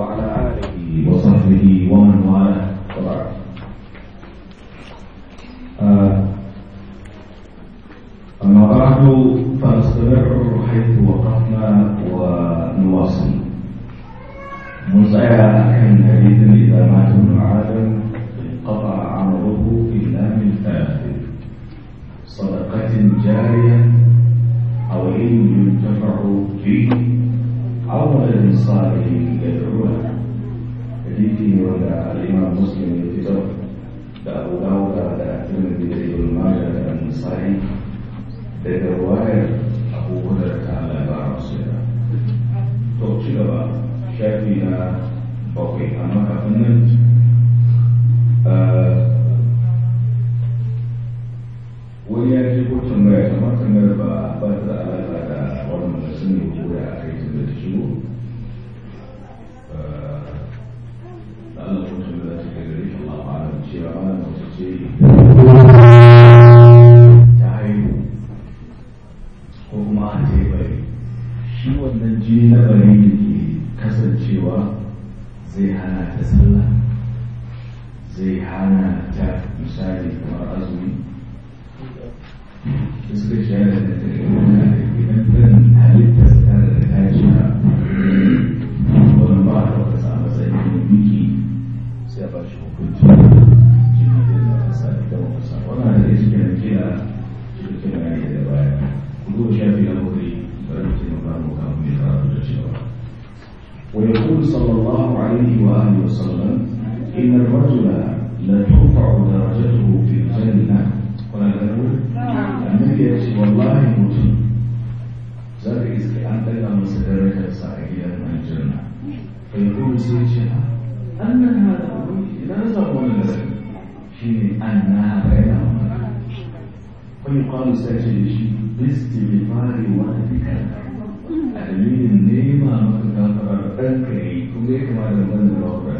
وعلى آله وصحبه ومن والاه وبعد آه، أما بعد فنستمر حيث وقفنا ونواصل منذ أكن حديثا إذا مات ابن آدم الرجل لا ترفع درجته في الجنة ولا تقول النبي يقول والله مسلم ذلك إذا أنت لما سدرك سائليا من الجنة فيقول سيدنا أن هذا لا يزال في أنها بينهما فيقال سيدنا باستغفار والدك أدلين نيمة مكتفر أنكري كلك ما لمن ربك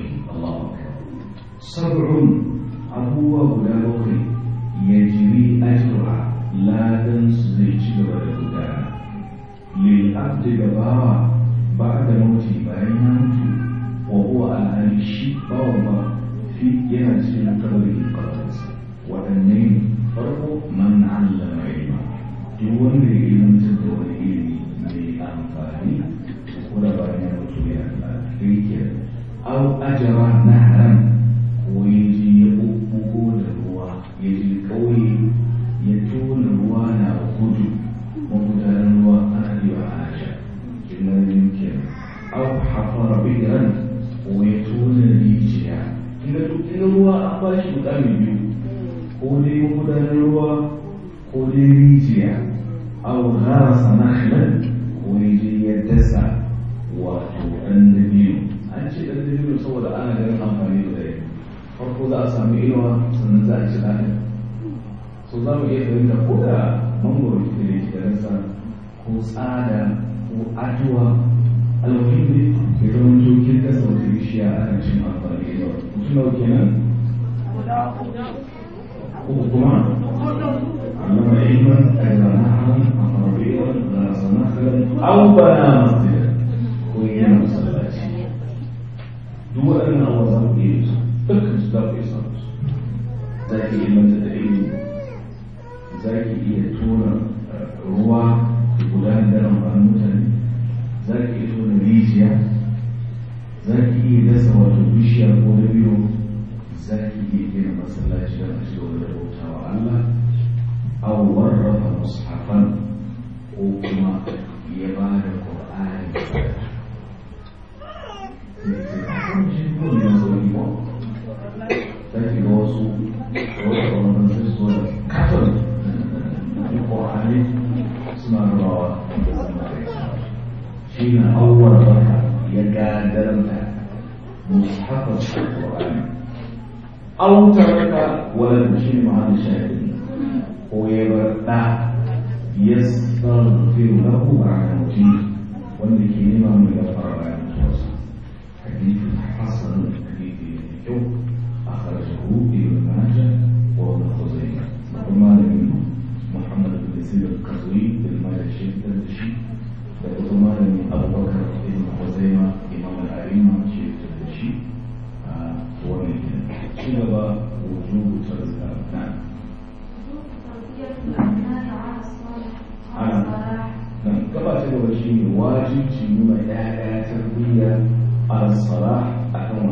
سبع أبو أولاوك يجري أجرها لا تنس بجرى الهدى للأبد ببارا بعد موت بين وهو الأنشي بارما في جنس القبر القدس وتنين فرق من علم علما دون علم تدور علم لأنفاهي ولا بين موت بين أو أجرى نهرا ko ya je ya bubbugo da ruwa ya je ƙauye ya tona ruwa na gudu magudanar ruwa aka yi wa aja kenan yankin abu hafara bidan ko ya tona rijiya ina ruwa an ba shi mukami biyu ko dai magudanar ruwa ko dai rijiya abu gharasa nakhlan ko ya je ya dasa wato ɗan dabiru an ce ɗan dabiru saboda ana za a samu inuwa sannan za a ci ɗaɗin so za mu iya fahimta ko da mangoro da ne da rasa ko tsada ko aduwa alwahimi da zama jokin kasa wata bishiya a kan cin amfani da mutum na uke nan ko kuma amma ba yi ba a zama haram a farfewa da zama kalan an ba na masjid ko yana masallaci duk waɗannan wasan da ya dukkan su za ka iya mata da ilimi za ki iya tura eh, ruwa guda gudanar da amfanin mutane za ki iya tura rijiya za ki iya dasa wata bishiya ko da biyu za ki iya gina masallaci da أو ترك ولم تجد عن شيء ويبرأ يستغفر له بعد موته wanda ke nema mai gafara bayan mutuwarsa hadisi hasan hadisi mai kyau a karshe ibn majah wa ibn khuzaimah babban malamin muhammad bin sirr kazuri da malam shi da shi da babban malamin abubakar ibn khuzaimah imam al-arima shi da shi سبب وجوب الأذكار نعم كما سبب الشيء واجب شيء ما إلى تربية على الصلاح أكون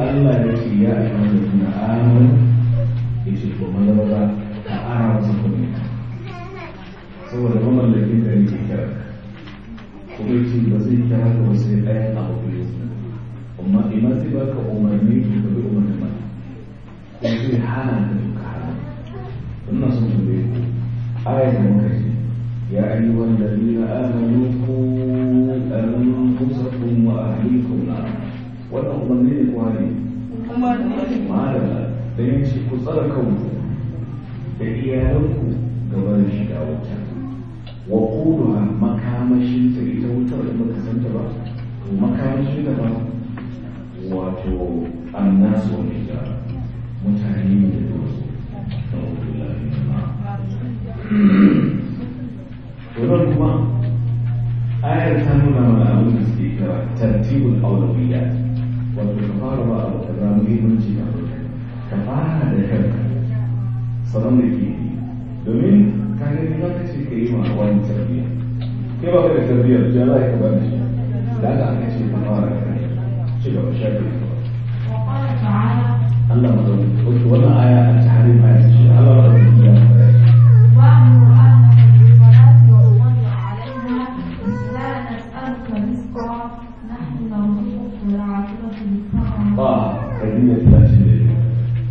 Allah ya ce ya ayyuha alladhina amanu yace to madarra a ara su kuma saboda mamallakin da yake kira kuma yace ba zai kira ka ba sai ɗayan abu biyu amma idan zai baka umarni to ka bi umarni ma ko zai hana ka duka hana ina son ku bai ayar da muka ji ya ayyuha alladhina amanu qu anfusakum wa ahlikum nar wannan umarni ne kwari malam da ya ce ku tsara kanku da iyalanku ga barin shiga wuta wa kuduwa makamashin ta ita wutar da baka santa ba to makamashin da ba wato annasu ne da mutane ne da wasu na wutu lafiya kuma ayar ta nuna mana abin da suke kira tartibul aulawiyat والمقاربة التزامية jiya ka fara da kanka salon da ke domin ka gani za ka ce ka yi ma wani tarbiyya ke ba ka da tarbiyyar ya za ka bani da aka aka ce ka fara da kanka ci gaba shafi Allah mazaunin wannan aya a tarihin aya ce Allah mazaunin ya ba ka dina tashi da yi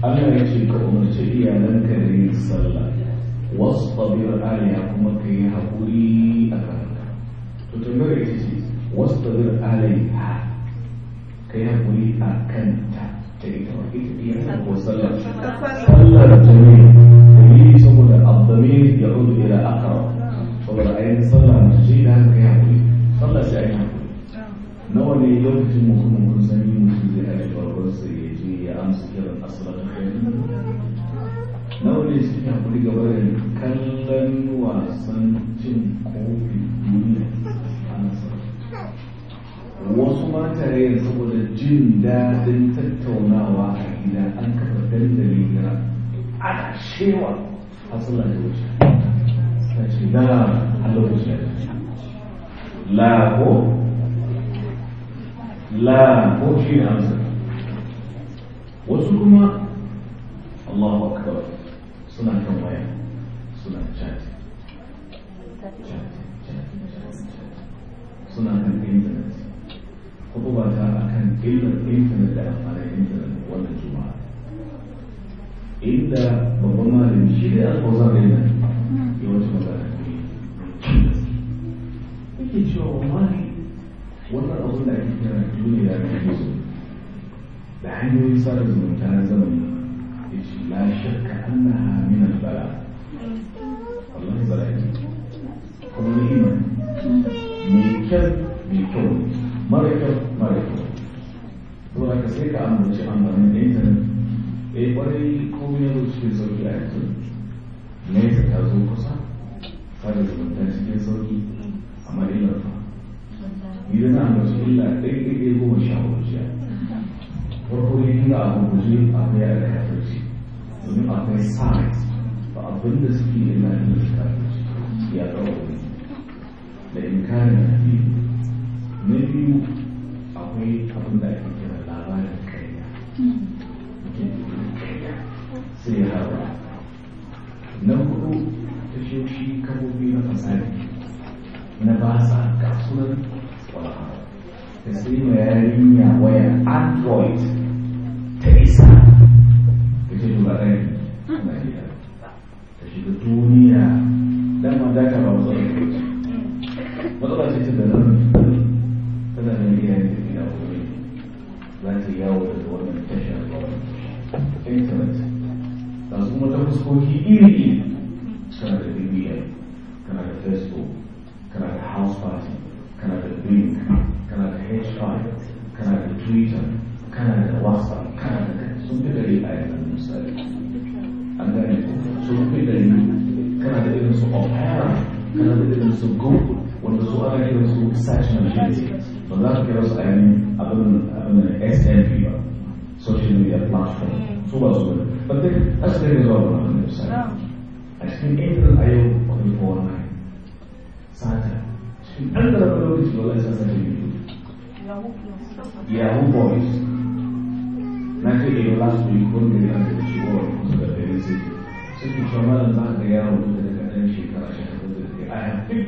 Allah ya ce ka umarci iyalan ka da yin sallah wasu tabir aliya kuma ka yi haƙuri a kanka to tambayar ita ce wasu tabir aliya ka yi haƙuri a kanta ta ita ma ita iyalan ko sallah sallar ta ne dalili saboda abdamir ya rudu ila akara saboda ayin sallah mace ce da haka ka yi haƙuri sallah sai a yi haƙuri nawa ne lokacin mutum su ya je ya amsa kiran asibar nawa ne suke haƙuri gaba da kallon wasan cin kofi duniya wasu mata mataye saboda jin daɗin tattaunawa a gida an kafa dandali gara ana shewa hasala da wuce ta ce na halauce la ko la ko shi amsa wasu kuma Allahu akbar suna kan waya suna chat suna kan internet kuma ba ta akan illar internet da amfani internet wannan juma'a inda babban malami shi ne a tsoron rena yawancin magana ne yake cewa wani wannan abin da ake kira duniya ne ke so da hanyoyin sada zumunta na zamani ya ce la shakka annaha min al-bala wallahi bala ne kuma na iman Me kyau me kyau mara kyau mara kyau to da ka sai ka ambaci amfanin da intanet eh kwarai ko ya zo cikin sauki a yanzu nesa ta zo kusa sada zumunta cikin sauki a ina fa idan na ambaci illa ɗaya ɗaya goma sha hudu farko ya yi a guje akwai a domin akwai sa'ad ba abin da suke yi na yin kafirci ya zama wani da in kare na biyu na biyu akwai abin da ake kira labarin kariya sai ya haɗa na hudu tashoshi kafofi na fasari na basa kasuwar wala da sai ma yarinya waya android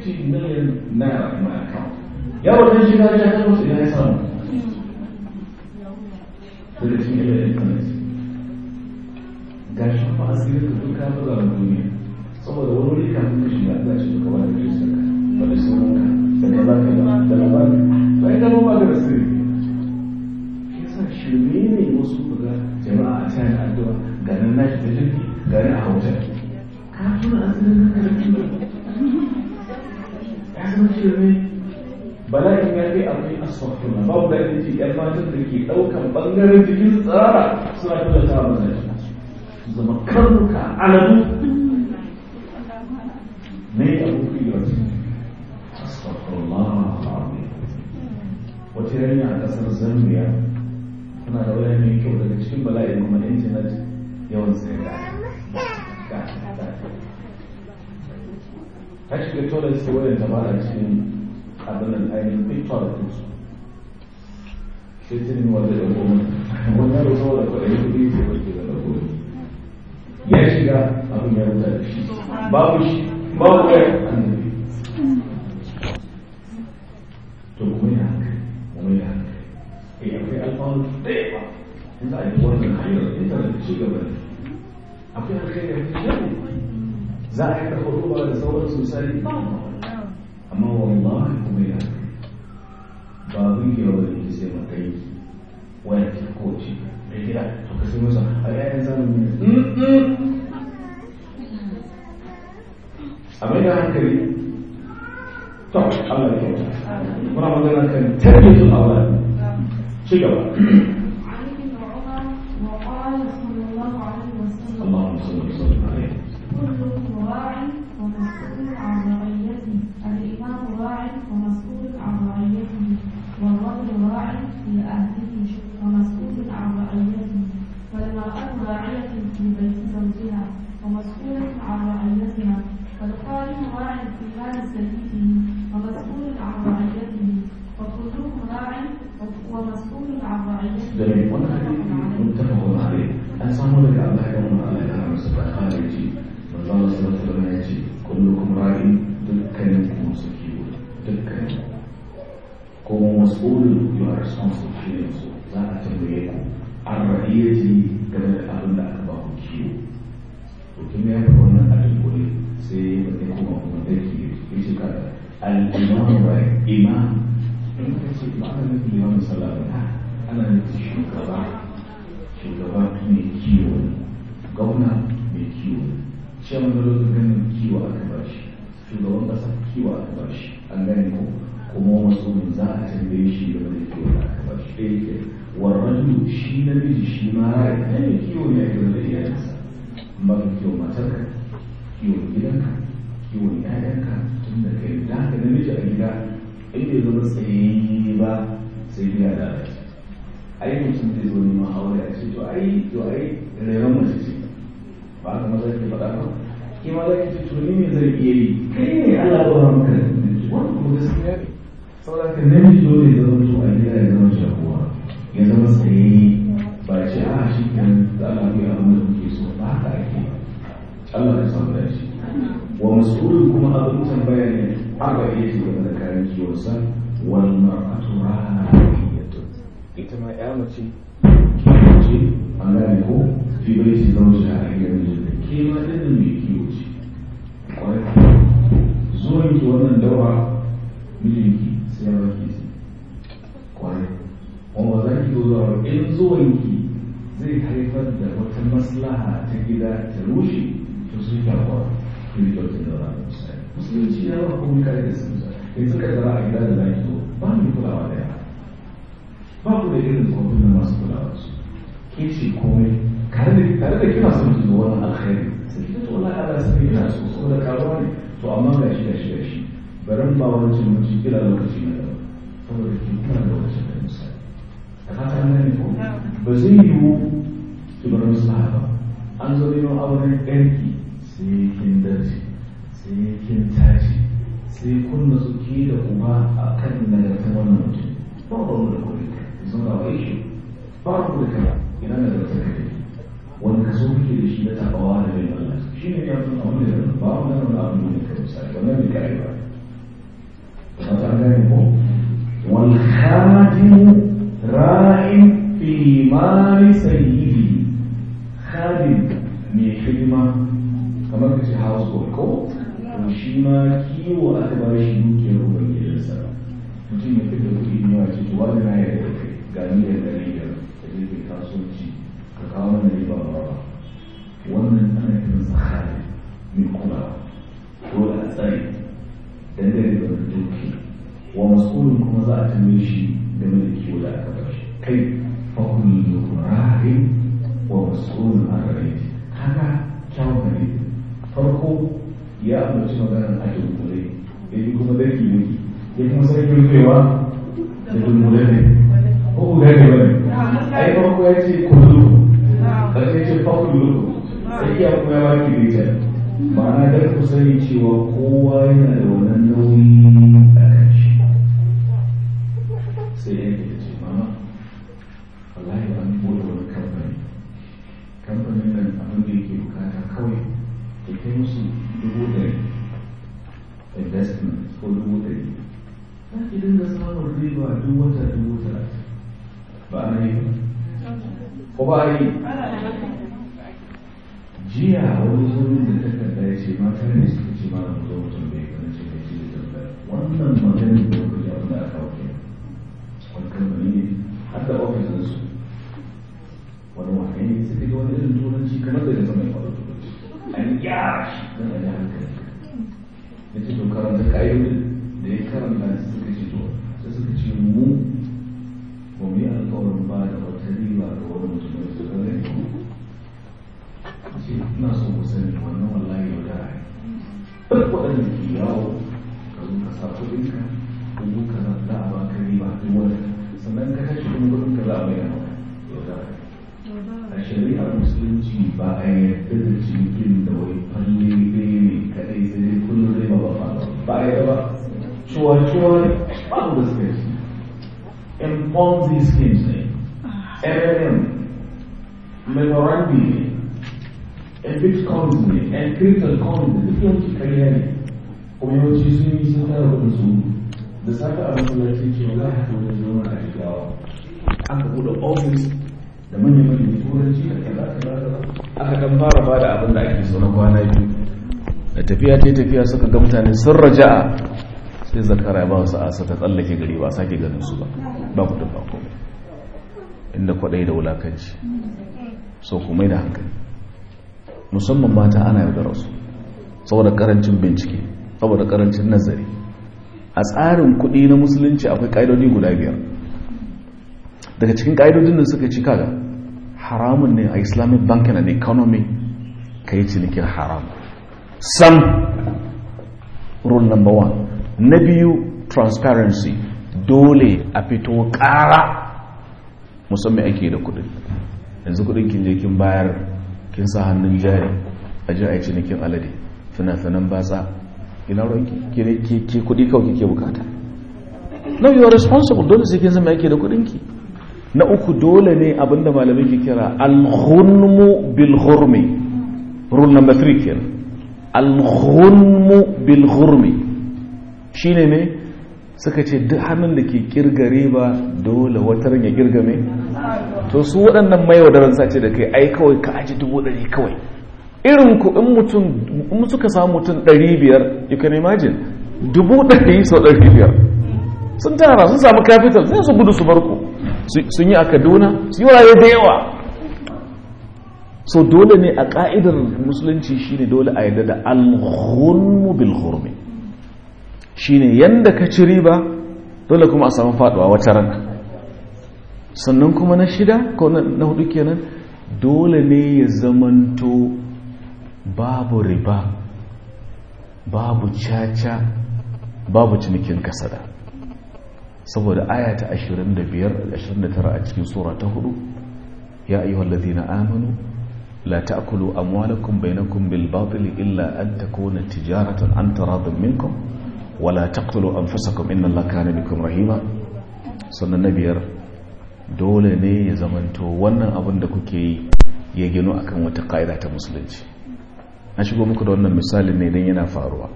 $50 million naira in my account. Yaro ɗan shiga ya ta ina ya samu. Dole sun yi da internet. Ga shi fa asirin ka duka ta zama duniya. Saboda wani wuri kafin ka shiga Allah shi duka wani da shi ba da sauranka da ka za ka da labari. Ba ita ba ba da sirri. Shi yasa shirme ne wasu kuga jama'a a cikin addu'a ganin nashi da jirgi ganin a hotel. Ka tuna asirin ka da asfafin ba wanda ya ce yan matan da ke ɗaukar ɓangaren jikin tsara suna kula ta ba zai zama karnuka aladu ne abu fiyar asfafullah wata yanya a ƙasar zambia tana da wani mai kyau daga cikin bala'in kuma intanet yawan sai ta shiga tolar sai wajen ta bada cikin abin da ainihin big toilet سيتم ولا الأمومة والنار صورك وإيه بيه وإيه الأمومة يشجع أبو يرزاش بابش بابوي النبي تقومينك ومينك هي في إيه، ألفان دقيقة انت عايز تورد الخير انت ما تشجع بس أعطيها الخير يا تشجع زاحك الخطوبة لصورة سوسالي طبعا أما والله ومينك ba kungiya wani ne sai matsayi wani ta fi kowace mai gida to ka sai musa a yayin zamani ne a mai da hankali to Allah ya kyauta muna magana kan tarbiyyar awal ci gaba mas'ul you are responsible here so za a tambaye ku an game da abin da aka ba kiwo ya wannan a dukkule sai ya kuma kuma da ke yi shi ka imam in ka ce ba ana nufin imam ana nufin shugaba shugaba mai kiwo gwamna mai kiwo ganin kiwo aka ba shi shugaban ƙasa kiwo aka ba shi an gane ko kuma musulmi za a tambaye shi da wani ke da aka ba shi da yake warraju shi na miji shi ma rai ne kiwo ne ake da iyayensa maka kiwo matarka kiwo gidanka kiwo ƴaƴanka tun da kai da haka miji a gida in bai zama tsaye ba sai biya da alaƙa ai mutum zai zo neman aure a ce to ai to ai rayuwar mace ce ba ka maza ki faɗa ba ke maza ki ce to ni me zai iya yi kai ne ana ba maka wannan kuma gaskiya ne saboda ne mai zo ya zama mutum a gida ya zama shakuwa ya zama tsaye ba ce a ah, shi kan za a yi da kuke so ba haka ake Allah ya samu shi wa mas'ulun kuma abin tambaya ne haka iya ce game da kayan kiwonsa wal mar'atu rahiyatu ita ma ya mace ke ce ta gida ta rushe to sun karɓa kiristocin da a misali musulunci ya ba kuma yanzu da ba da da masu kulawa su ke ce komai tare da kina son ki zo wannan alkhairi sai ki ta wani ala sai kina ne to wani da wancan da ko ba yiwu ki bar ba zo neman auren ɗarki sai kin dace sai kin tashi sai su ke da kuma a kan nagarta wannan mutum ba ku da kuɗi zan ba wai shi ba ku da kara ina nagarta ka ne wani kaso kuke da shi na tabawa da bai Allah shi ne ya zama wani da ba wani da wani abu ne ka misali wannan bai kare ba ba ta gane ko wal khadimu ra'in fi mali sayyi Shima, kamar ka ce household ko shi ma kiwo aka ba shi dukiyar rubar gidansa mutum ya fita kuɗi ne a ce wani na yarda kai ga ni da ɗari biyar da zai kai kasuwanci ka kawo mana riba ba ba wannan ana kiran sa hali mai kula dole a tsare dangane da wani duki wa masu kuma za a tambaye shi game da kiwo da aka bar shi kai fahimta chorando. Né? Né? Aí que pulei. Ele começou a ver aquilo. Ele começou a ver aquilo e eu, ah, kwari ah, jiya a wajen da takarda ya ce mata su these things ne MLM memorandi ne and bitcoins and The the saka have to I'm aka buɗe ofis da turanci da aka kan fara ba da abin da ake so kwanaki. kwana biyu da tafiya ta tafiya suka ga mutane sun raja'a sai zakara ya ba wasu asa ta tsallake gari ba sake ganin su ba ba ku tafa komai inda kwaɗai da wulakanci so kuma da hankali musamman mata ana yau da rasu saboda karancin bincike saboda karancin nazari a tsarin kuɗi na musulunci akwai ƙa'idodi guda biyar daga cikin ƙa'idodin da suka ci kaga haramun ne a islamic banking and economy ka yi cinikin haram sam rule number one na biyu transparency dole a fito ƙara musamman ake da kudin yanzu kudin kin je kin bayar kin sa hannun jari a ji a yi cinikin alade fina-finan batsa ina ruwan ke kudi kawai kike bukata na you are responsible dole sai kin zama yake da ki na uku dole ne abinda malamai ke kira alhunmu ghunmu bil ghurmi rule number 3 kenan alhunmu ghunmu bil Shi ne suka ce duk hannun da ke kirga riba dole wata ya kirgame mai to su waɗannan mayaudaren sace da kai ai kawai ka aji dubu ɗari kawai irin ku in mutum in suka samu mutum ɗari biyar you can imagine dubu ɗari sau ɗari biyar sun tara sun samu kafital sai su gudu su barku sun yi a kaduna su yi da yawa so dole ne a ka'idar musulunci shine dole a yadda da alhulmu bil hurmi shine yanda ka ci riba dole kuma a samu faduwa wata ran sannan kuma na shida ko na hudu kenan dole ne ya zamanto babu riba babu caca babu cinikin kasada saboda aya ta 25-29 a cikin sura ta hudu ya ayyuhal ladina amanu la ta'kulu amwalakum bainakum bil batil illa an takuna tijaratan an taradun minkum wala taqtulu anfusakum inna allaha kana bikum rahima sannan na biyar dole ne ya zamanto wannan abin da kuke yi ya gino akan wata ka'ida ta musulunci Na shigo muku da wannan misalin ne idan yana faruwa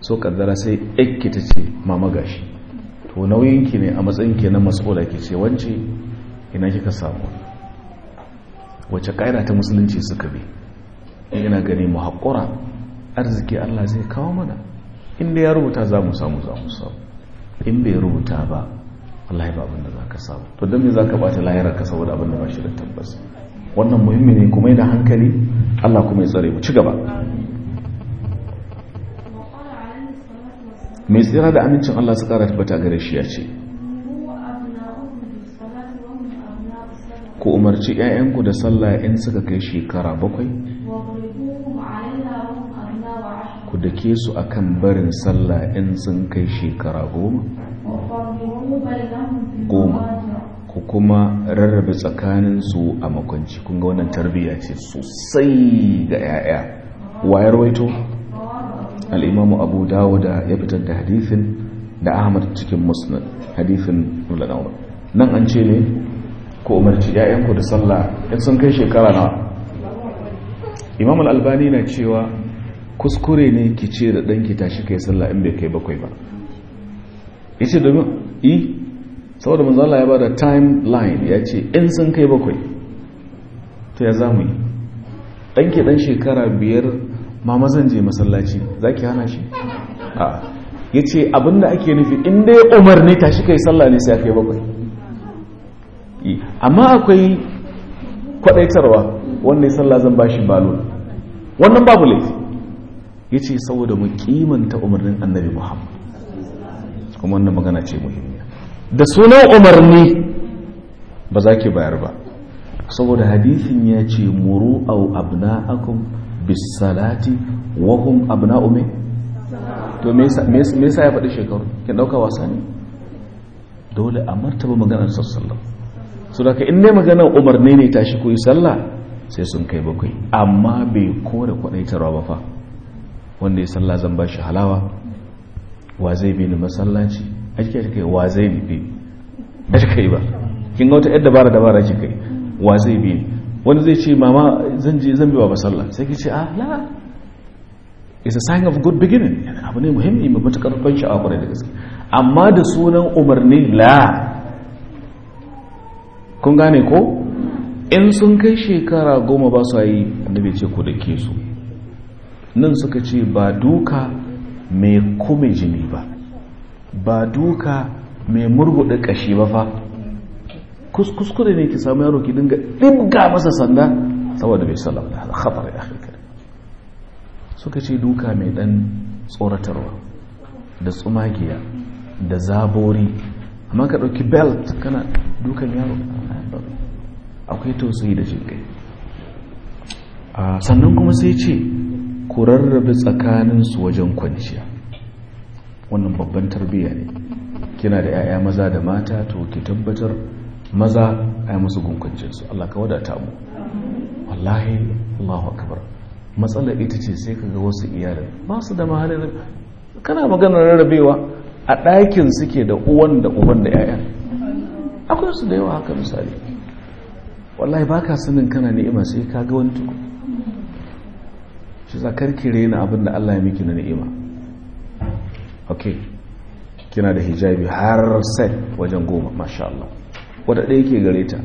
so kaddara sai ekki ta ce mama gashi to nauyinki ne a matsayin ke na mas'ula ke ce wance ina kika samu wace ka'ida ta musulunci suka bi ina gani mu haƙura arziki Allah zai kawo mana inda ya rubuta za mu samu za mu samu in bai rubuta ba wallahi ba abinda za ka samu to don me za ka bata lahirar ka saboda abinda ba shi da tabbas wannan muhimmi ne kuma yana hankali Allah kuma ya tsare mu ci gaba mai tsira da amincin Allah su kara tabbata gare shi ya ce ku umarci 'ya'yanku da sallah in suka kai shekara bakwai ku dake su akan barin sallah in sun kai shekara goma goma ku kuma rarrabe tsakaninsu a makwanci kun ga wannan tarbiyya ce sosai ga 'ya'ya wayar waito al'imamu abu dawo da ya fitar da hadithin da ahmad cikin musnad hadithin nula nan an ce ne ko umarci 'ya'yanku da sallah in sun kai shekara na imam al-albani na cewa kuskure ne ki ce da ɗanki tashi kai sallah in bai kai bakwai ba yace domin i e, saboda manzo Allah ya bada timeline ya ce in sun kai bakwai to ya zamu yi ɗanki ɗan shekara biyar mama zan je masallaci zaki hana shi a yace abinda ake nufi in dai Umar ne tashi kai sallah ne sai kai bakwai e, amma akwai kwadaitarwa wanda ya sallah zan shi balon wannan babu laifi ya ce saboda mu kimanta umarnin annabi muhammad kuma wannan magana ce muhimmiya da sunan umarni ba za ki bayar ba saboda hadithin ya ce muru au abna'akum bis salati wa hum abna'u min to me yasa ya faɗi shekaru kin ɗauka wasa ne dole a martaba maganar sassallam su da ka inda maganar umarni ne tashi koyi sallah sai sun kai bakwai amma bai kore kwaɗaitarwa ba fa wanda ya salla zan ba shi halawa wa zai bi ni masallaci ake shi kai wa zai bi ake kai ba kin ga wata yadda dabara dabara ake kai wa zai bi wani zai ce mama zan je zan bi wa sallah sai ki ce ah la is a sign of good beginning abu ne muhimmi mai matukar ban sha'awa kwarai da gaske amma da sunan umarni la kun gane ko in sun kai shekara goma ba su yi annabi ce ku da ke su nan suka ce ba duka mai kume jini ba ba duka mai murguɗa ƙashi ba fa kuskure ne ki samu yaro ki dinga ɗibga masa sanda saboda bai salam da khatar ya suka ce duka mai ɗan tsoratarwa da tsumagiya da zabori amma ka ɗauki belt kana dukan yaro akwai tausayi da jinkai ah, sannan kuma sai ce ku rarrabe tsakaninsu wajen kwanciya wannan babban tarbiyya ne kina da 'ya'ya maza da mata to ki tabbatar maza a ai musu gunkuncinsu Allah ka wadata mu wallahi Allahu akbar matsalar ita ce sai kaga wasu iyalan ba su da mahalin kana maganar rarrabewa a ɗakin suke da uwan da uban da 'ya'ya. akwai su da yawa haka misali wallahi baka sanin kana ni'ima sai kaga wani tukun shi za karkire na abin da Allah ya miki na ni'ima ok kina da hijabi har set wajen goma masha Allah wadda ɗaya ke gare ta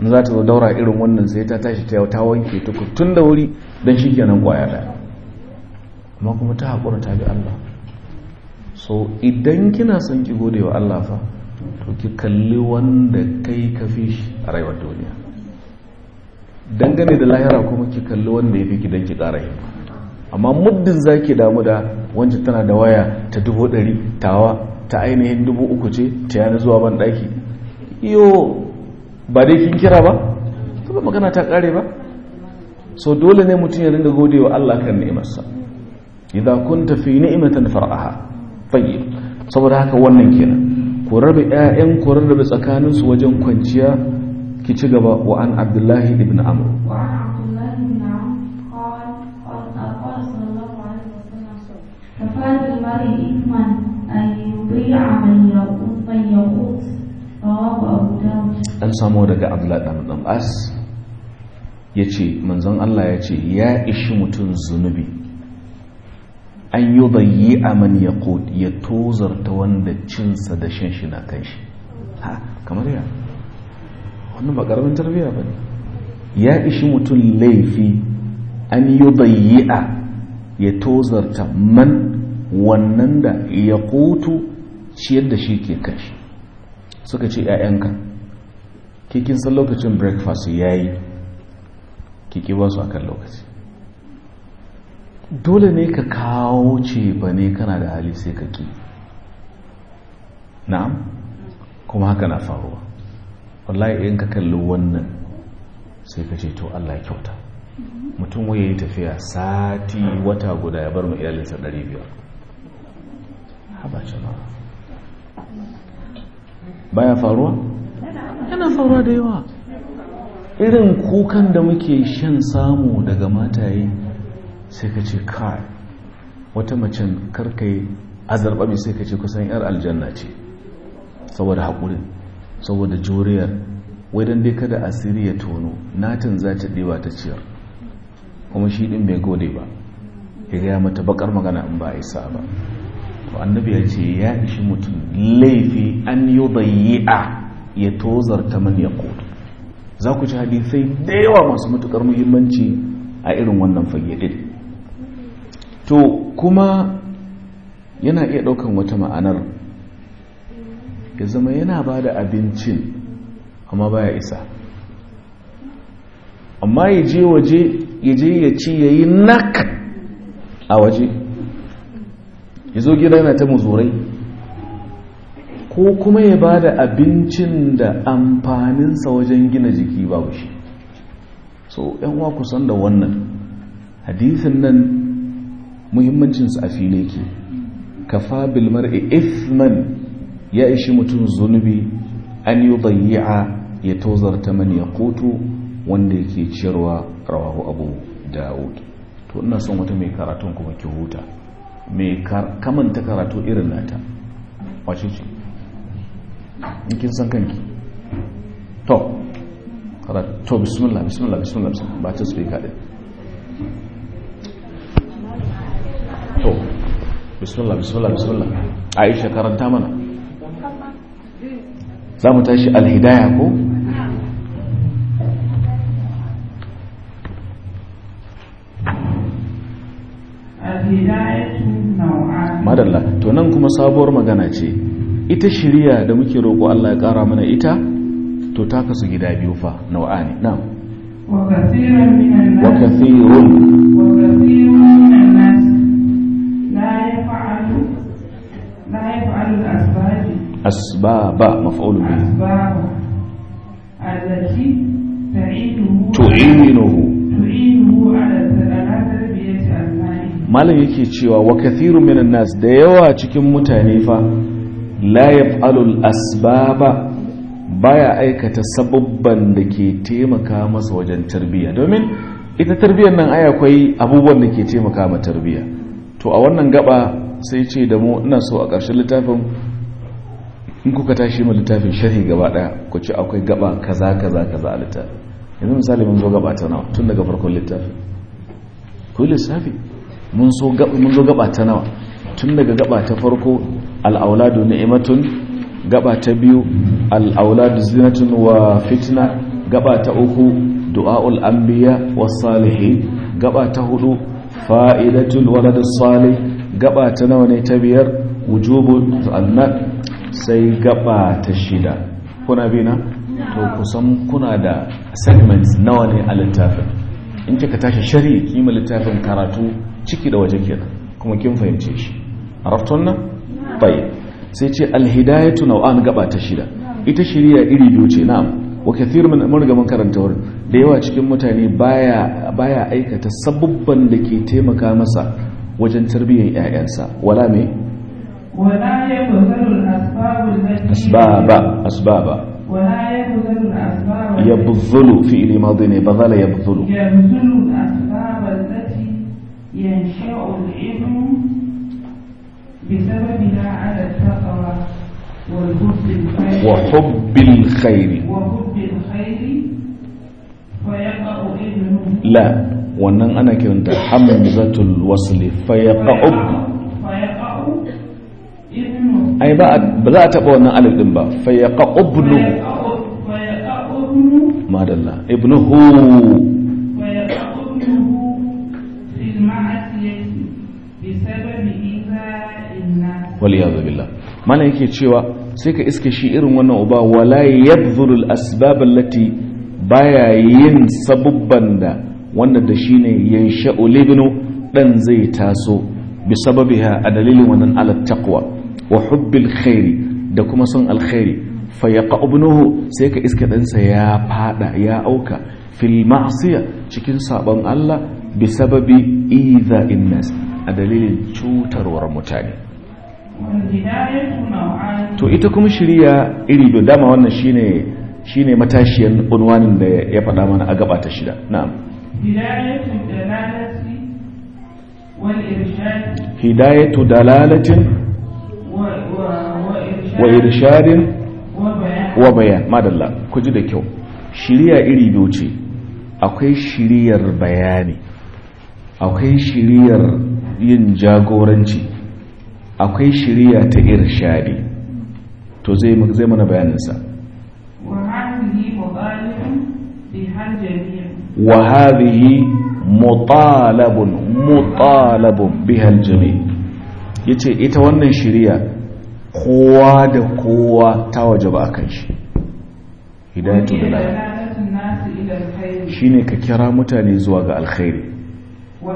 in za ta zo daura irin wannan sai ta tashi ta ta wanke tukur tun da wuri don shi kenan kwaya ɗaya amma kuma ta haƙura ta bi Allah so idan kina son ki gode wa Allah fa to ki kalli wanda kai ka fi shi a rayuwar duniya dangane da lahira kuma ki kalli wanda ya fi gidan ki ƙara amma muddin za ki damu da wancan tana da waya ta dubu ɗari tawa ta ainihin dubu uku ce ta yana zuwa ban ɗaki iyo ba dai kin kira ba ta magana ta ƙare ba so dole ne mutum ya ringa gode Allah kan ni'imarsa idan kun tafi ni'imatan far'aha fayyi saboda haka wannan kenan ku rabe ƴaƴan ku rabe tsakaninsu wajen kwanciya ki ci gaba wa an abdullahi ibn amr an samu daga abdullahi dan as ya ce manzon Allah ya ce ya ishi mutum zunubi an yi bayi a man ya tozarta wanda cinsa da shan shi na kai shi kamar yana wannan ba karamin tarbiyya ba ne ya ishi mutum laifi an yi bayyi'a ya tozarta man wannan da ya kotu ciyar da shi ke kashi suka ce 'ya'yanka kikin san lokacin breakfast ya yi kiki ba su a kan lokaci dole ne ka kawo ce ba ne kana da hali sai ka ƙi? na'am kuma haka na faruwa wallahi idan ka kalli wannan sai ka ce to Allah kyauta mutum waye yi tafiya sati wata guda ya bar mu iyalinsa 500 haba jama'a baya faruwa yana faruwa da yawa irin kukan da muke shan samu daga mataye sai ka ce kai wata macen karkai azarbabi sai ka ce kusan yar aljanna ce saboda haƙurin saboda juriyar wai don dai kada asiri ya tono natin za ta ɗewa ta ciyar kuma shi ɗin bai gode ba ya gaya mata bakar magana in ba a isa ba to annabi ya ce ya ishi mutum laifi an yi a ya tozarta man ya kodo za ku ci hadisai da yawa masu matukar muhimmanci a irin wannan fage ɗin? to kuma yana iya ɗaukan wata ma'anar ya zama yana ba da abincin amma ba ya isa amma ya je waje ya je ya ci ya yi nak a waje ya zo gida yana ta muzurai ko kuma ya ba da abincin da amfaninsa wajen gina jiki babu shi so yan uwa kusan da wannan hadisin nan muhimmancinsu a fili ke kafa bilmar ifman ya ishi mutum zunubi an yi dayi'a ya tozarta mani ya kotu wanda yake ciyarwa rawahu abu dawud to ina son wata mai karatun kuma ki huta mai kamanta karatu irin nata wace ce in kin san kanki to karatu to bismillah bismillah bismillah bismillah ba ta speaker din to bismillah bismillah bismillah aisha karanta mana za mu tashi alhidaya ko madalla to nan kuma sabuwar magana ce ita shirya da muke roƙo Allah ya ƙara mana ita to ta kasu gida biyu fa nau'a ne na wa kathirun la yaf'alu la yaf'alu al-asbab asbaba maf'ul bihi allati malam yake cewa wa kathiru nas da yawa cikin mutane fa la yaf'alul asbaba baya aikata sababban da ke taimaka masa wajen tarbiyya domin ita tarbiyyar nan aya kai abubuwan da ke taimaka ma tarbiyya to a wannan gaba sai ce da mu ina so a ƙarshen littafin in kuka tashi ma littafin sharhi gaba daya ku ce akwai gaba kaza kaza kaza a littafi. yanzu misali mun zo gaba ta nawa tun daga farkon littafi, ku lissafi mun zo gaba ta nawa tun daga gaba ta farko al'auladu ni'imatun gaba ta biyu al'auladu zinatun wa fitna gaba ta uku du'a'ul anbiya was salihin gaba ta hudu fa'idatul walad salih gaba ta nawa ne ta biyar wujubu annat sai gaba ta shida kuna bi na to kusan kuna da segments nawa ne a littafin in kika tashi shari kima littafin karatu ciki da waje kenan kuma kin fahimce shi rafton nan bai sai ce alhidayatu nau'an gaba ta shida ita shiriya iri biyu ce na'am wa kathir min mun karanta wurin da yawa cikin mutane baya baya aikata sabubban da ke taimaka masa wajen tarbiyyar 'ya'yansa wala me ولا يبذل الأسباب التي أسباب أسباب ولا يبذل الأسباب يبذل في الماضي بذل يبذل يبذل الأسباب التي ينشأ العلم بسببها على التقوى والحب وحب الخير وحب الخير فيقع ابنه لا wannan ana kiranta hamzatul wasli fa ai ba za a taɓa wannan alif ɗin ba fayyaka ƙubnuhu madalla ibnuhu waliyadu billah mana yake cewa sai ka iske shi irin wannan uba wala yabzuru al-asbab allati baya yin sabubban da wanda da ne yansha'u libnu dan zai taso bi sababiha a dalilin wannan ala taqwa wa hubbil khairi da kuma son alkhairi fa yaqabnuhu sai ka iska ɗansa ya fada ya auka fil ma'siya cikin sabon Allah bi sababi idha innas a dalilin cutarwar mutane to ita kuma shirya iri da dama wannan shine shine matashiyar unwanin da ya faɗa mana a gabata ta shida na'am hidayatu dalalatin wa irshadin wa bayan madalla ku ji da kyau Shirya iri biyu ce akwai shiriyar bayani akwai shiriyar yin jagoranci akwai shiriya ta irshadi to zai zai mana bayaninsa wa hadhihi mutalabun mutalabun bihal jami' ya ce ita wannan shirya kowa da kowa ta waje ba a kan shi hidayatu da laya shi ne ka kira mutane zuwa ga alkhairi wa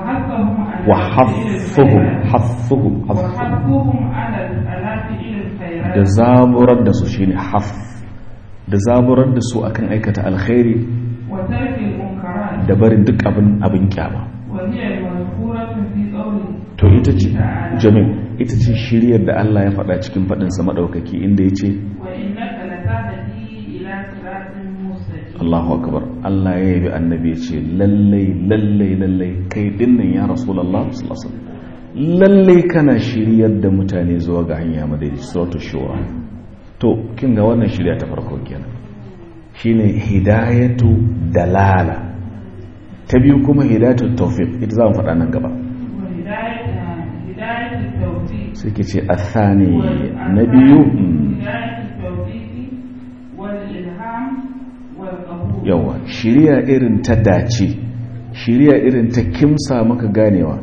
haffuhum haffuhum haffuhum da zaburar da su shi ne da zaburar da su akan aikata alkhairi da barin duk abin abin kyama to ita ce jami ita ce shiryar da Allah ya faɗa cikin faɗinsa maɗaukaki inda ya ce Allahu akbar Allah ya yi annabi ya ce lallai lallai lallai kai dinnan ya rasulullah lallai kana shiryar da mutane zuwa ga hanya madaidai suratul shura to kin ga wannan shirya ta farko kenan shine hidayatu dalala ta biyu kuma hidayatu tawfiq ita za mu faɗa nan gaba suke ce a na biyu hmm. yawa shirya irin ta dace shirya irin ta kimsa maka ganewa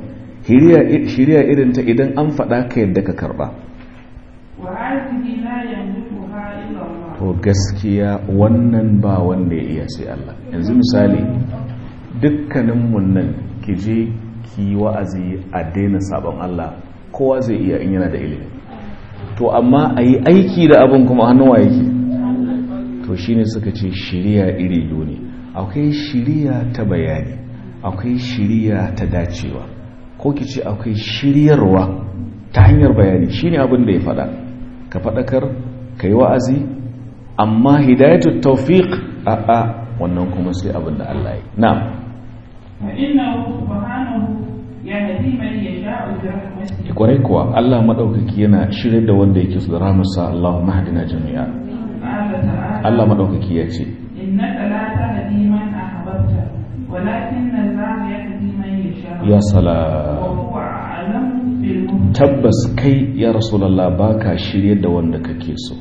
shirya irin ta idan an faɗa ka yadda ka karɓa to gaskiya wannan ba wanda ya iya sai Allah yanzu misali dukkaninmu nan ki je ki wa'azi a daina sabon Allah kowa zai iya in yana da ilimi to amma a yi aiki da abin kuma hannuwa yake to shi ne suka ce shirya iri duni. akwai shirya ta bayani akwai shirya ta dacewa ko ki ce akwai shiryarwa ta hanyar bayani shi ne abin da ya faɗa ka fadakar ka yi wa'azi amma hidayatu taufiq a wannan kuma sai abin da Allah ya na'am fa innahu subhanahu ya hadi man yasha'u bi kwarai kuwa Allah maɗaukaki yana shirye da wanda yake su da ramarsa Allah mahadina jami'a Allah maɗaukaki ya ce ya sala tabbas kai ya rasulallah ba ka shirya da wanda kake so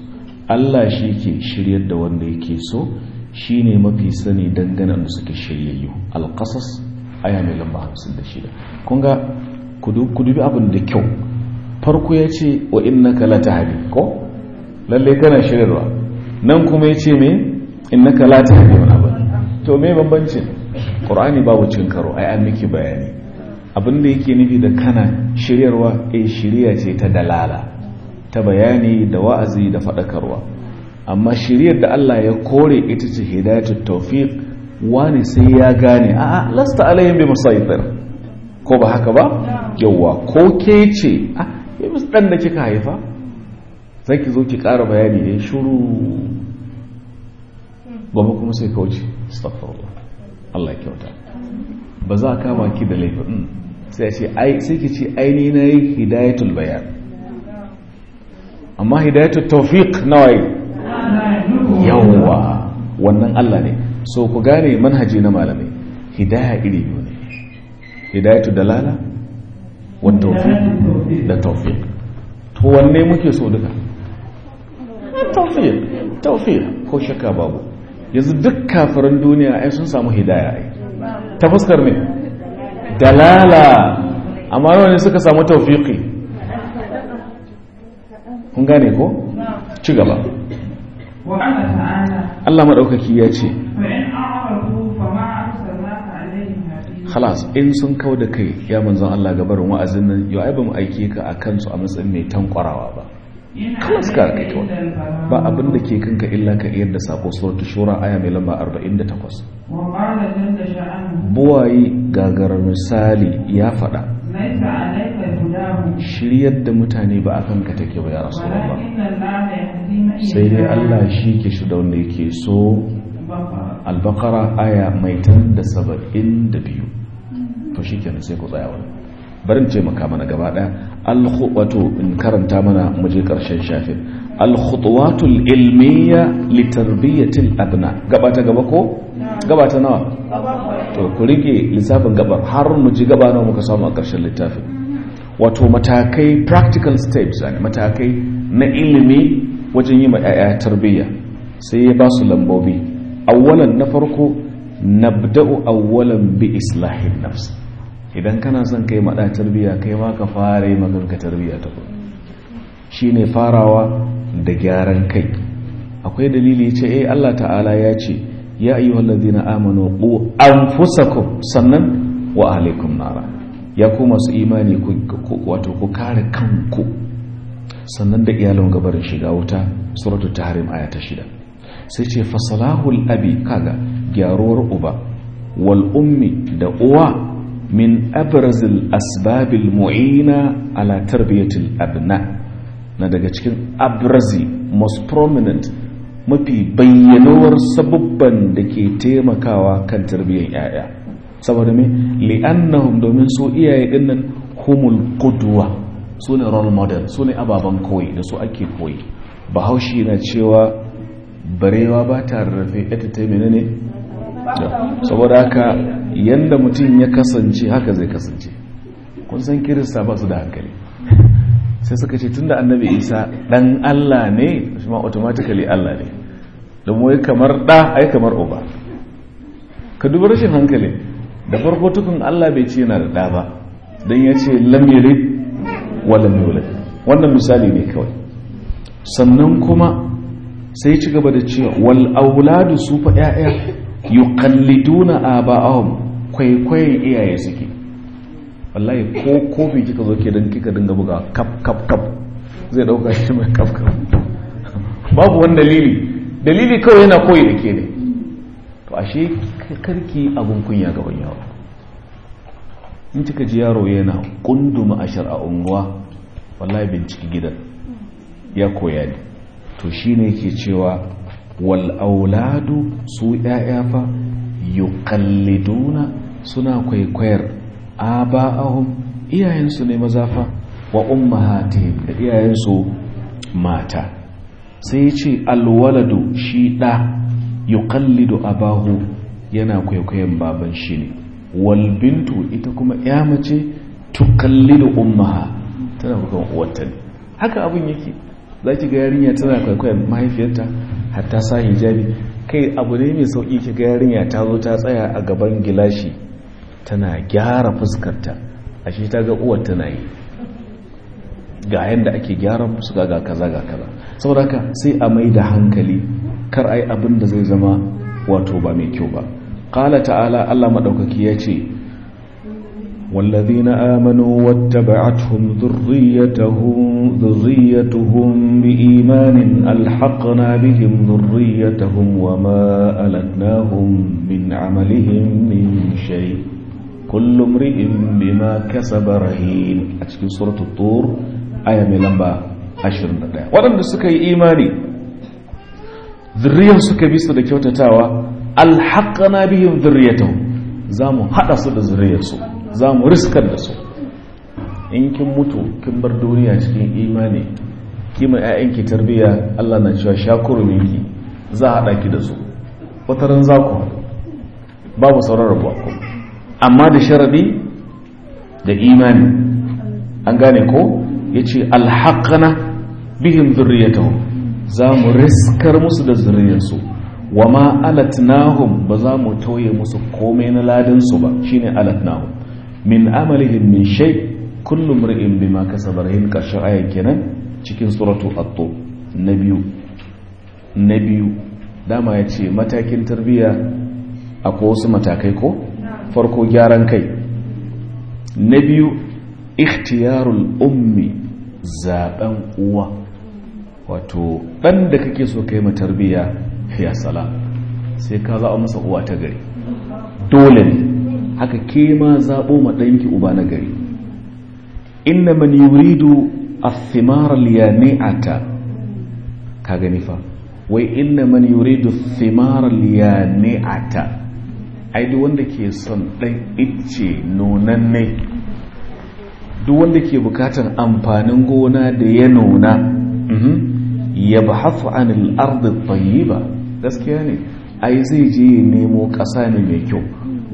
Allah shi ke shirye da wanda yake so shi ne mafi sani dangane da suke shiryayyu alƙasas aya mai lamba 56 kun ga ku dubi abin da kyau farko ya ce wa kala la tahdi ko lalle kana shirarwa nan kuma ya ce me kala la tahdi wani abu to me bambancin qur'ani babu cin karo ai an miki bayani abin da yake nufi da kana shiryarwa eh shirya ce ta dalala ta bayani da wa'azi da faɗakarwa amma shiriyar da Allah ya kore ita ce hidayatul tawfiq wani sai ya gane a'a lasta alayhim bi musaytir ko ba haka ba yauwa ko ke ce ah yi musu ɗan da kika haifa zai ki zo ki ƙara bayani ne shuru gaba kuma sai kauce astagfirullah Allah kyauta ba za a kama ki da laifin mm. sai ce sai ki ce aini na yi hidayatul bayan amma hidayatul tawfiq nawa yauwa wannan Allah ne so ku gane manhaji na malamai hidaya iri biyu hidayatu dalala wa tawfiq da tawfiq to wanne muke so duka tawfiq tawfiq ko shakka babu yanzu duk kafirin duniya ai sun samu hidaya ai ta fuskar me dalala amma wani suka samu tawfiqi kun gane ko ci gaba Allah maɗaukaki ya ce khalas in sun kawo da kai ya manzon Allah ga barin wa'azin nan yau ai ba mu aike ka a kansu a matsayin mai tankwarawa ba khalas ka kai to ba abin da ke kanka illa ka yadda da sako suratul shura aya mai lamba 48 buwayi gagarar misali ya faɗa shiryar da mutane ba a kanka take ba ya rasu ba sai dai Allah shi ke shi da wanda yake so albakara aya mai da saba'in da biyu to shi kenan sai ku tsaya wani barin ce maka mana gaba ɗaya wato in karanta mana muje ƙarshen shafin alhuwatul ilmiya litarbiyyatil adna gaba ta gaba ko gaba ta nawa to ku rike lissafin gaba, har mu ji gaba nawa muka samu a ƙarshen littafin wato matakai practical steps ne matakai na ilimi wajen yi ma 'ya'ya tarbiyya sai ya ba su lambobi awwalan na farko nabda'u awwalan bi islahin nafs idan kana son kai maɗa tarbiya kai ma ka fara yi maganka tarbiya ta kuma shi ne farawa da gyaran kai akwai dalili ce eh Allah ta'ala ya ce ya ayi na amanu ku fusako, sannan wa alaikum nara ya ku masu imani wato ku kare kanku sannan da iyalin gabarin shiga wuta suratu tahrim aya ta shida sai ce fasalahul abi kaga gyaruwar uba wal ummi da uwa min abrazil asbabil mu'ina ala tarbiyatil abna na daga cikin abrazi most prominent mafi bayyanawar sabubban da ke taimakawa kan tarbiyyar yaya saboda mai li'annahum domin su iyaye dinnan humul qudwa su ne role model su ne ababen koyi da su ake koyi bahaushe na cewa barewa ba ta rarrafe ita ta menene saboda haka yadda mutum ya kasance haka zai kasance kun san kirista ba su da hankali sai suka ce tun da annabi isa ɗan allah ne shi ma automatically allah ne don wai kamar ɗa ai kamar uba ka duba rashin hankali da farko tukun allah bai ce yana da ɗa ba don ya ce lamirin walam yulin wannan misali ne kawai sannan kuma sai ci gaba da cewa walauladu su fa 'ya'ya yukalliduna aba'ahum kwaikwayon iyaye suke wallahi ko kofi kika zo ke dan kika dinga buga kap kap kap zai dauka shi mai kap kap babu wani dalili dalili kawai yana koyi da ke ne to ashe karki abun kunya gaban yaro. in kika ji yaro yana kunduma ashar a unguwa wallahi binciki gidan ya koya ne to shine yake cewa wal auladu su yaya fa yuqalliduna suna kwaikwayar aba'ahum iyayensu ne maza fa wa ummahatihim da iyayensu mata sai ce alwaladu shi ɗa yuqallidu abahu yana kwaikwayan baban shi ne walbintu ita kuma ya mace tuqallidu ummaha tana kwaikwayan uwanta haka abin yake za ki ga yarinya tana kwaikwayan mahaifiyarta hatta sa hijabi kai abu ne mai sauki ki ga yarinya ta zo ta tsaya a gaban gilashi tana gyara fuskarta ashe ta ga uwar tana yi ga yadda ake gyara fuska ga kaza ga kaza saboda ka sai a mai da hankali kar ai abin da zai zama wato ba mai kyau ba qala ta'ala Allah maɗaukaki ya ce والذين آمنوا واتبعتهم ذريتهم, ذريتهم بإيمان ألحقنا بهم ذريتهم وما ألتناهم من عملهم من شيء كل امرئ بما كسب رهين أتكلم سورة الطور آية ملمبا عشر دقيقة ولم سكي إيماني ذريهم سكي بيسر لكيوتة تاوى ألحقنا بهم ذريتهم زامو هذا صد ذريتهم za mu riskar da su in kin mutu kin bar duniya cikin imani kima ƴaƴanki tarbiyya Allah na cewa shakuru minki za a haɗa ki da su wata za ku babu sauran rabuwa ku amma da sharadi da imani an gane ko yace alhaqana bihim dhurriyyatuhum za mu riskar musu da zuriyarsu wa ma alatnahum ba za mu tauye musu komai na ladansu ba shine alatnahum min amalihim min shay kullum ri'in bima kasaba rahin karshen ayan kenan cikin suratu at na biyu na biyu dama ya ce matakin tarbiyya akwai wasu matakai ko farko gyaran kai na biyu ikhtiyarul ummi zaben uwa wato ɗan da kake so kai tarbiyya ya sala sai ka a masa uwa ta gari dole ne haka ke ma zaɓo ma uba na gari inna man yuridu a ta, ka gani fa wai inna man yuridu athimar liyani'ata ai duk wanda ke son ɗan icce nonanne duk wanda ke bukatan amfanin gona da ya nuna ya ba hafi an al'ar ba gaskiya ne ai zai je ya nemo ƙasa ne mai kyau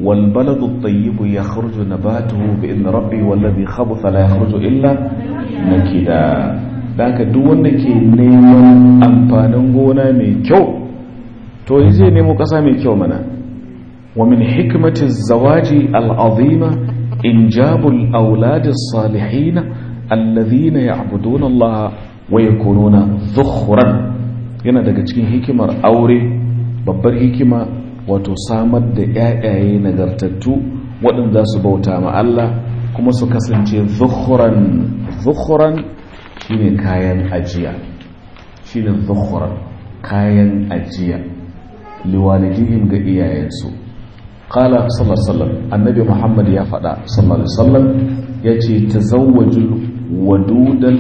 والبلد الطيب يخرج نباته بإذن ربي والذي خبث لا يخرج إلا نكدا ذاك دون دكي نيمان أمبانن غونا مي كيو تو يزي نيمو قسا مي كيو منا ومن حكمة الزواج العظيمة إنجاب الأولاد الصالحين الذين يعبدون الله ويكونون ذخرا yana daga cikin hikimar aure babbar hikima wato samar da ƴaƴaye nagartattu waɗanda za su bauta ma Allah kuma su kasance zuhuran zuhuran shine kayan ajiya shine zuhuran kayan ajiya liwalidihim ga iyayensu qala sallallahu alaihi annabi muhammad ya faɗa sallallahu yace tazawwajul wadudan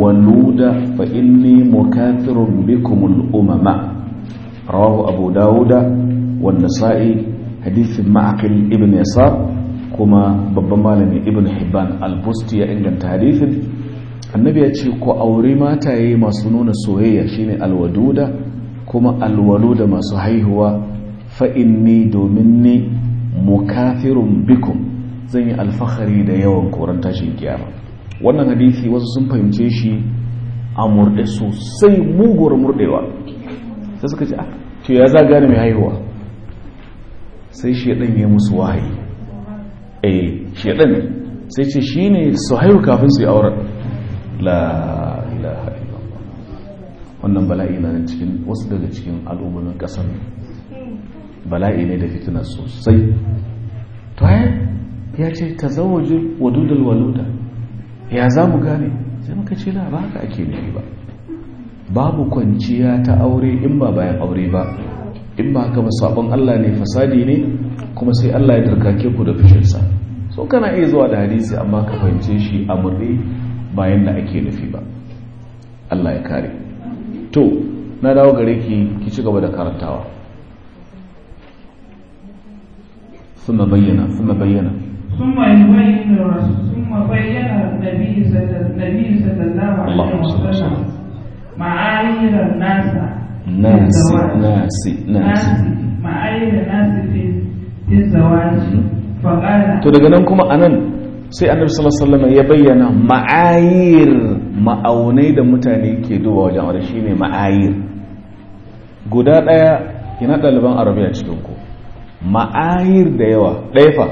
waluda fa inni mukathirun bikumul umama rawahu abu dawuda Wanne sa'i hadisin معقل Ibn يسار kuma babban malami ibn hibban al-busti ya inganta hadisin. annabi ya ce ku aure mataye masu nuna soyayya shine alwaduda kuma alwaluda masu haihuwa faɗin inni domin ni mukathirun bikum zan yi alfahari da yawan koran tashin kiyama wannan hadisi wasu sun fahimce shi a murde sosai muguwar murdewa sai suka ce ah, za gane mai haihuwa sai shaidan ya musu wahayi a eh, shaidan sai ce shi ne su haihu kafin su yi auren la wannan bala'i na cikin wasu daga cikin al'ummomin kasar bala'i ne da fitina sosai to ya ce ta zawaje wadudul waluda ya za mu gane sai muka ce labar ba ake nufi ba babu kwanciya ta aure in ba bayan aure ba in ba haka ba sabon Allah ne fasadi ne kuma sai Allah ya tarkake ku da fushinsa so kana iya zuwa da hadisi amma ka fahimce shi a murɗe bayan da ake nufi ba Allah ya kare to na dawo gare ki ki ci gaba da karantawa ثم بين ثم بين ثم يبين ثم بين النبي صلى الله عليه وسلم معايير الناس nasi nasi nasi to daga nan kuma anan sai annabi sallallahu alaihi wasallam ya bayyana ma'ayir ma'aunai da mutane ke duba wajen aure shine ma'ayir guda daya kina daliban arabiya cikin ku ma'ayir da yawa daya fa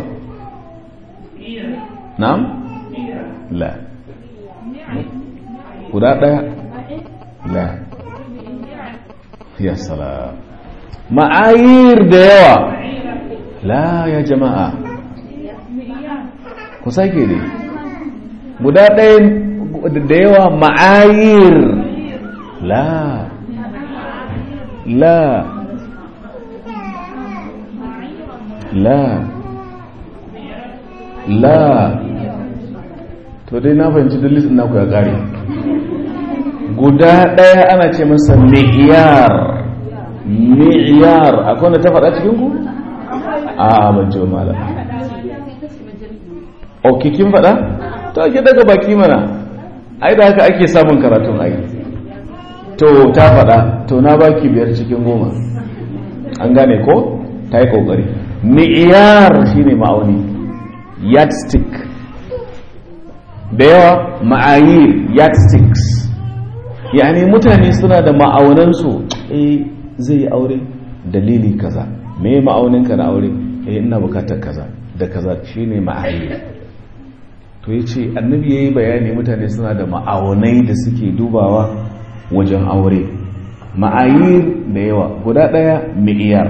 na'am la guda daya la Ya salam. Ma'air dewa. La ya jemaah. Ku saya ne. Guda ɗaya dewa ma'air. La. La. La. La. To dai na fahimci dalisin naku ya guda ɗaya ana ce masa mi'yar mi'yar akwai wanda ta faɗa cikin ku a ban wa malam ok kin faɗa to ake daga baki mana ai da haka ake samun karatun ai to ta faɗa to na baki biyar cikin goma an gane ko ta yi ƙoƙari mi'yar shine ma'auni yardstick da yawa ma'ayi yardsticks yani mutane suna da ma'aunansu e zai yi aure dalili kaza me ma'auninka na aure e ina bukatar kaza da kaza shi ne ma'auni to ce annabi ya yi bayani mutane suna da ma'aunai da suke dubawa wajen aure ma'ayi da yawa guda daya miliyar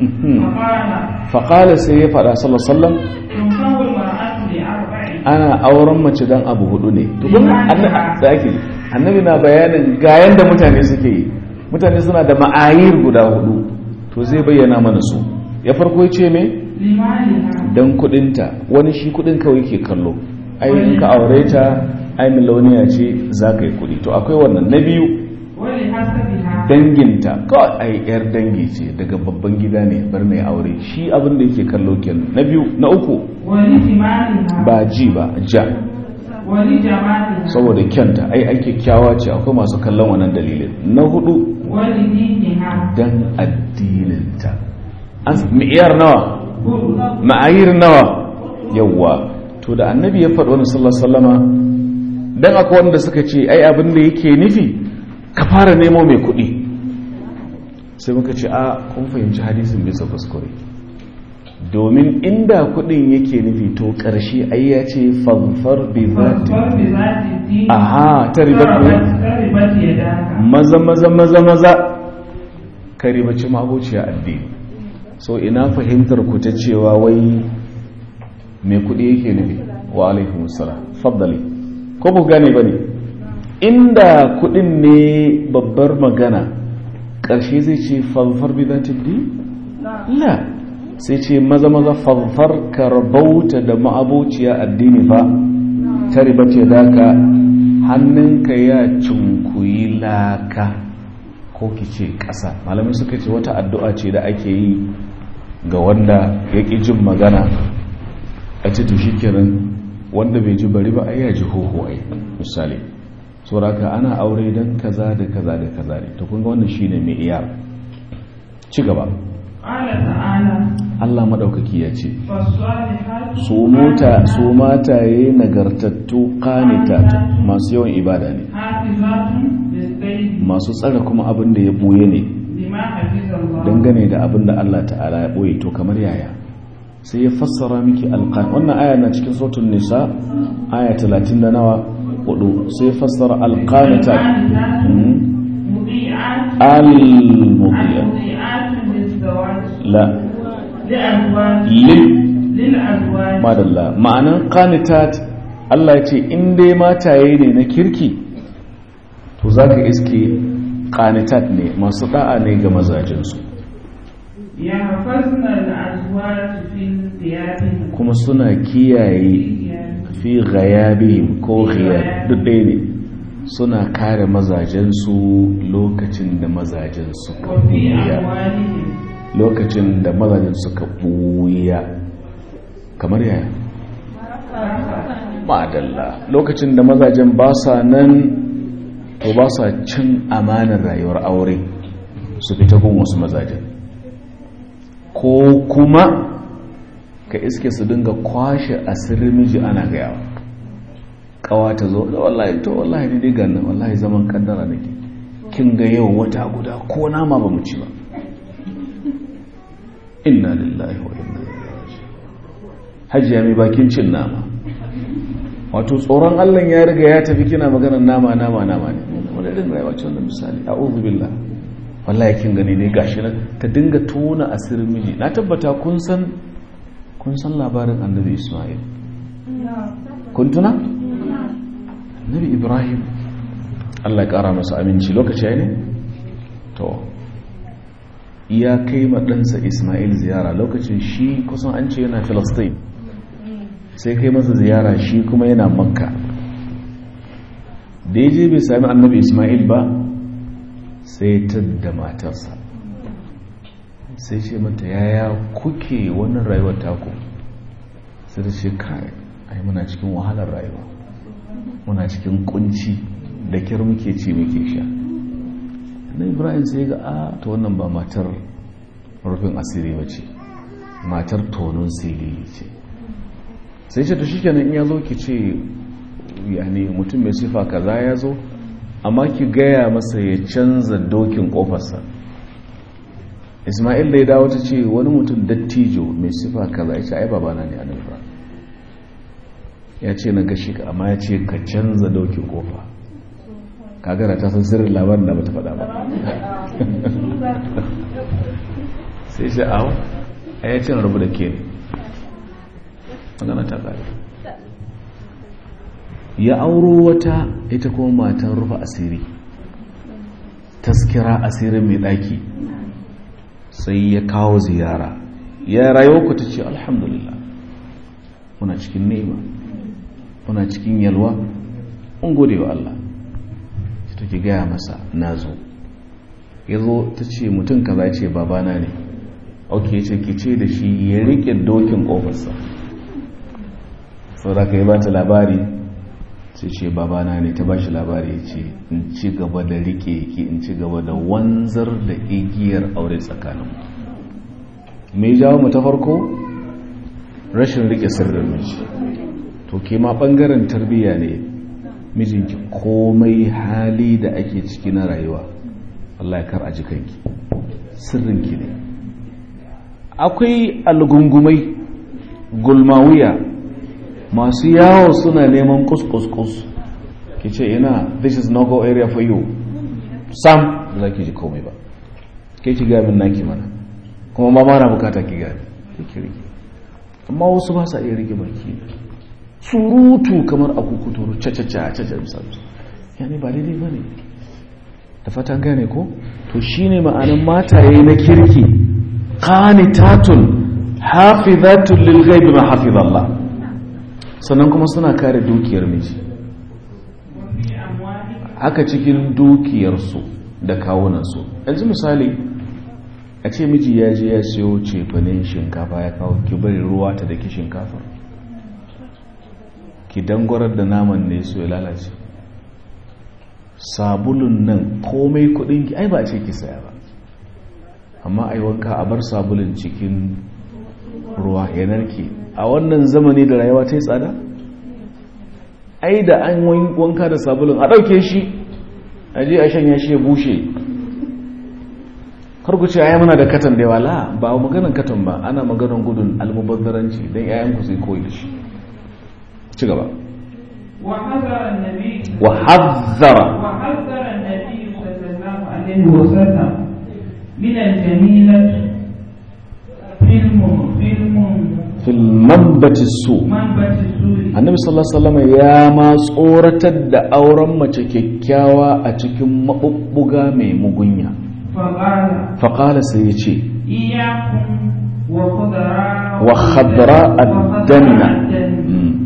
mhm. faƙala sai ya faɗa sallasallam ana auren mace don abu hudu ne tukun da ake annabi na bayanin ga yanda mutane suke yi mutane suna da ma'ayir guda hudu to zai bayyana mana su ya farko ya ce me don kudinta wani shi kudin kawai ke kallo ai ka aure ta ai miloniya ce za ka yi kudi to akwai wannan na biyu danginta kawai ai yar dangi ce daga babban gida ne bar mai aure shi abin da yake kallo kenan na biyu na uku ba ji ba ja saboda kyanta ai ake kyawa ce akwai masu kallon wannan dalilin na hudu dan addininta ma'iyar nawa ma'ayir nawa yawwa to da annabi ya faɗi wani sallasallama don akwai wanda suka ce ai abin da yake nufi ka fara nemo mai kuɗi sai muka ce a kun fahimci hadisin bisa kuskure domin inda kudin yake nufi to karshe ai ya ce fanfar bi zati aha ta ne? maza maza maza maza ka ribaci magociya addini so ina fahimtar ku ta cewa wai me kudi yake nufi wa alaikum assalam faddali ko ba gane bane inda kudin ne babbar magana karshe zai ce fanfar bi zati la sai ce maza maza fanfar karbauta da ma'abuciya addini fa ta riba ce daka hannunka ya cunkuyi laka ko ki ce ƙasa malamai suka ce wata addu'a ce da ake yi ga wanda ya ƙi jin magana a ce tushi wanda bai ji bari ba ai ya ji hoho ai misali sauraka ana aure don kaza da kaza da kaza ne ta kunga wannan ne mai iya ci gaba Allah maɗaukaki ya ce su mata mataye nagartattu kanitatu masu yawan ibada ne masu tsara kuma abin da ya ɓoye ne dangane da abin da Allah ta'ala ya ɓoye to kamar yaya sai ya fassara miki alƙani wannan aya na cikin sautun nisa aya talatin da nawa hudu sai fassara alƙanita hmm? al-mubiya la lil madalla ma'anan qanitat Allah ya ce in dai mataye ne na kirki to za ka iske qanitat ne masu da'a ne ga mazajensu kuma suna kiyaye fi ghayabihim ko ghayab duk ne suna kare mazajensu lokacin da mazajensu kan lokacin da mazajen suka buya kamar yaya ma'adalla lokacin da mazajen ba sa nan to ba sa cin amanar rayuwar aure su fita gun wasu mazajen ko kuma ka iske su dinga kwashe asirin miji ana gayawa kawa ta zo da oh, wallahi to wallahi ne dai gannan wallahi zaman kaddara nake kin ga yau wata guda ko nama ba mu ci ba inna lillahi wa inna ilaihi hajiya mai bakin cin nama wato tsoron Allah ya riga ya tafi kina maganar nama nama nama ne wanda irin rayuwa ce wannan misali a'udhu billah wallahi kin gani ne gashi na ta dinga tona asirin miji na tabbata kun san kun san labarin annabi Isma'il kun tuna annabi Ibrahim Allah ya kara masa aminci lokaci ne to ya kai ɗansa ismail ziyara lokacin shi kusan an ce yana filistin sai kai masa ziyara shi kuma yana makka da ya je bai sami annabi ismail ba sai da matarsa sai ce mata yaya kuke wannan rayuwar taku sai ta ce kare ai muna cikin wahalar rayuwa muna cikin kunci da kyar muke ci muke sha na ibrahim sai ga a ah, ta wannan ba matar rufin asiri ba ce matar tonon sili ce sai ce ta shi kenan in ya zo ki ce yani mutum mai sifa kaza ya zo amma ki gaya masa ya canza dokin kofarsa ismail da ya dawo ta ce wani mutum dattijo mai sifa kaza ya ce ai babana ne annabi ya ce na gashi amma ya ce ka canza dokin kofa kagara ta san sirrin labarin da bata faɗa ba sai shi awon a yi cin rubu da ke magana ta ƙari ya auro wata ita kuma matan rufe asiri taskira asirin mai ɗaki sai ya kawo ziyara ya rayuwa ku ta ce alhamdulillah muna cikin nema. muna cikin yalwa un gode Allah ta ki gaya masa na zo ya zo ta ce mutum kaza ce babana ne ok yace ce ki ce da shi ya riƙe dokin ƙofarsa saboda ka yi ba ta labari sai ce babana ne ta ba shi labari ya ce in ci gaba da riƙe ki in ci gaba da wanzar da igiyar aure tsakanin mai jawo mu ta farko rashin riƙe sirrin miji to ke ma ɓangaren tarbiyya ne mijinki komai hali da ake ciki na rayuwa Allah ya kar a jikanki sirrinki ne akwai algungumai gulmawiya masu yawo suna neman kuskuskus Ke ce ina this is no go area for you sam ba za ki ji komai ba ke ki gabin naki mana kuma ma mara bukata ki gabi ki rike amma wasu ba sa iya rigimarki ne. surutu kamar abu kuturu cacaca Ya yani ba daidai ba ne da fatan gane ko to shi ne ma'anin yi na kirki qanitatun hafizatun lil ghaibi ma hafizallah sannan kuma suna kare dukiyar miji haka cikin dukiyarsu da kawunansu yanzu misali a ce miji ya je ya siyo cefanen shinkafa ya kawo ki ruwa ta daki shinkafar ki dangwarar da naman ne su ya lalace sabulun nan komai kudin ki ai ba ce ki saya ba amma ai wanka a bar sabulun cikin ruwa ya narke a wannan zamani da rayuwa ta yi tsada ai da an wanka da sabulun a ɗauke shi a je a shanya shi ya bushe Kar ku ce muna da katon da yawa la ba maganan katon ba ana maganin gudun almubazzaranci don 'ya'yanku zai koyi da shi وحذر النبي وحذر النبي صلى الله عليه وسلم من الجميلة فيلم فيلم في المنبة السوء منبة النبي صلى الله عليه وسلم يا ما صورة الدا أو رمة كيكاوا أتكم مأبقا ميمغنيا فقال فقال سيجي إياكم وخضراء وخضراء الدنة, الدنة.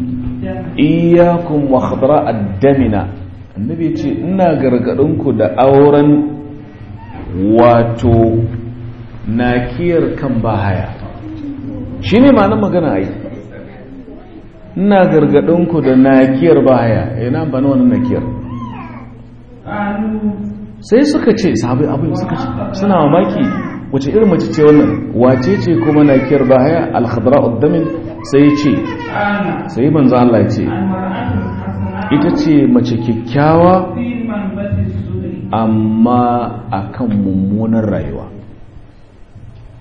iyakun wa khadra addamina annabi ce ina gargadinku da auren wato nakiyar kan bahaya shi ne ma'anar magana ai ina gargadinku da nakiyar bahaya yana eh, bani wani nakiyar sai suka ce sahabai abin suka ce suna mamaki wace irin mace ce wannan wace ce kuma nakiyar bahaya alhadra uddamin sai ce sai banza Allah ce ita ce mace kyakkyawa amma akan mummunan rayuwa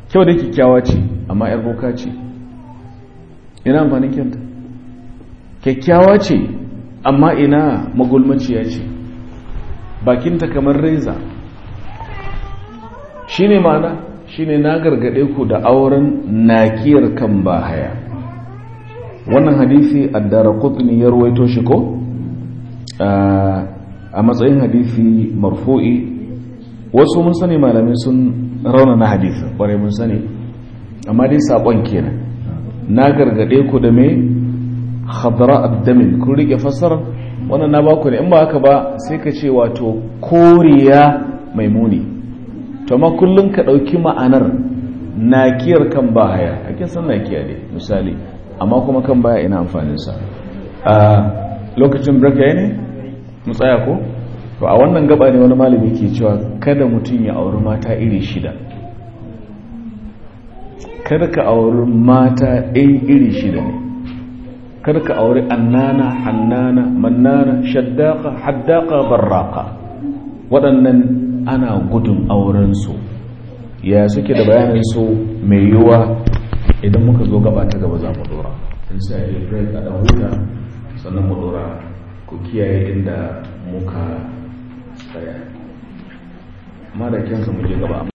kyau da kyakkyawa ce amma yar boka ce ina amfanin kyanta kyakkyawa ce amma ina magulmaciya ce bakinta kamar reza Shi ne ma'ana ne na gargade ku da auren nakiyar kan bahaya wannan hadisi addara kutni ya ruwaito shi ko a matsayin hadisi marfu'i wasu mun sani malamai sun rauna na hadisi kware mun sani amma dai saƙon kenan na gargaɗe ku da mai khadra addamin, kun rike fasar. wannan na baku ne in ba haka ba sai ka ce wato koriya mai muni to ma kullum ka ɗauki ma'anar nakiyar kan ba haya ake san nakiya ne misali amma kuma kan baya ina amfaninsa a lokacin birka ya ne mu tsaya ko to a wannan gaba ne wani malami ke cewa kada mutum ya auri mata iri shida kada ka auri mata ɗin iri shida ne kada ka auri annana hannana mannana shaddaka haddaka barraka waɗannan ana gudun aurensu ya suke da bayanin su mai yiwuwa idan muka zo gaba ta gaba za mu dora in sai a rai a dan huta sannan mu dora ku kiyaye inda muka tsaya ma da kyansa mu je gaba